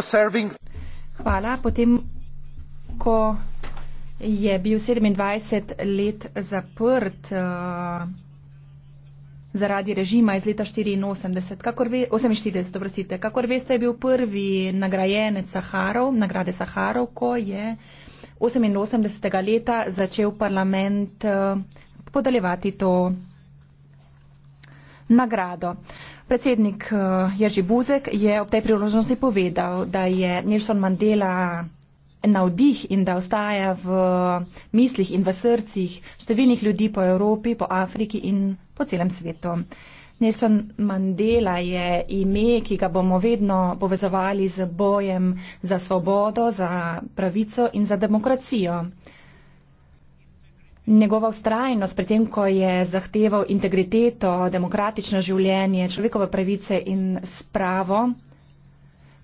Serving... Hvala. Potem, ko je bil 27 let zaprt uh, zaradi režima iz leta 84, kakor ve, 48, prosite, kakor veste, je bil prvi nagrajenec Saharov, nagrade Saharov, ko je 88. leta začel parlament uh, eh, podaljevati to nagrado. Uh, Predsednik eh, Jerži Buzek je ob tej priložnosti povedal, da je Nelson Mandela navdih in da ostaja v mislih in v srcih številnih ljudi po Evropi, po Afriki in po celem svetu. Nelson Mandela je ime, ki ga bomo vedno povezovali z bojem za svobodo, za pravico in za demokracijo. Njegova ustrajnost pri tem, ko je zahteval integriteto, demokratično življenje, človekove pravice in spravo,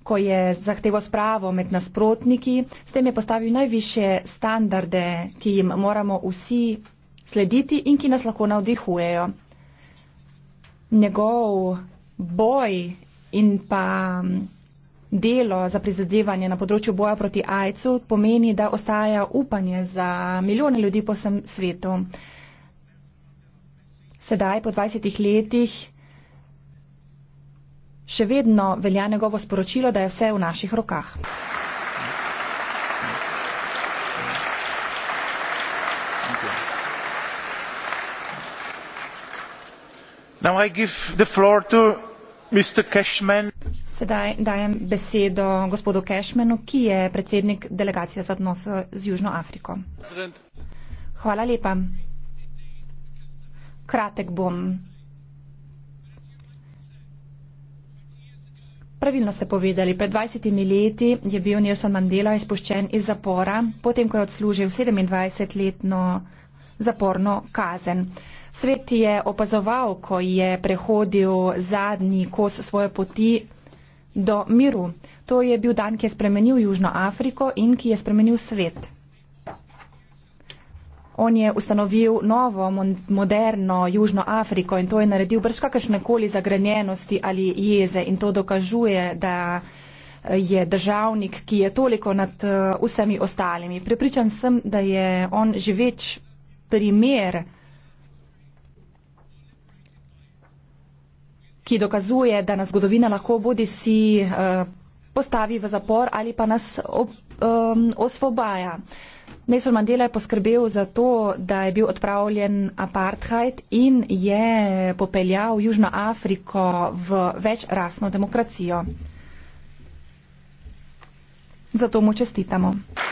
ko je zahteval spravo med nasprotniki, s tem je postavil najviše standarde, ki jim moramo vsi slediti in ki nas lahko navdihujejo. Njegov boj in pa delo, za prizadevanje na področju boja proti AIDS-u pomeni, da ostaja upanje za milijone ljudi po vsem svetu. Sedaj, po 20 letih, še vedno velja njegovo sporočilo, da je vse v naših rokah. Now I give the floor to Mr. Cashman. Sedaj dajem besedo gospodu Cashmanu, ki je predsednik delegacije za odnose z Južno Afriko. Hvala lepa. Kratek bom. Pravilno ste povedali, pred 20 leti je bil Nelson Mandela izpuščen iz zapora, potem ko je odslužil 27-letno zaporno kazen. Svet je opazoval, ko je prehodil zadnji kos svoje poti do miru. To je bil dan, ki je spremenil Južno Afriko in ki je spremenil svet. On je ustanovil novo, moderno Južno Afriko in to je naredil brez kakršne koli zagrenjenosti ali jeze in to dokazuje, da eh, je državnik, ki je toliko nad eh, vsemi ostalimi. Prepričan sem, da je on že več primer, ki dokazuje, da nas zgodovina lahko bodi si uh, eh, postavi v zapor ali pa nas ob, um, osvobaja. Nelson Mandela je poskrbel za to, da je bil odpravljen apartheid in je popeljal Južno Afriko v večrasno demokracijo. Zato mu čestitamo.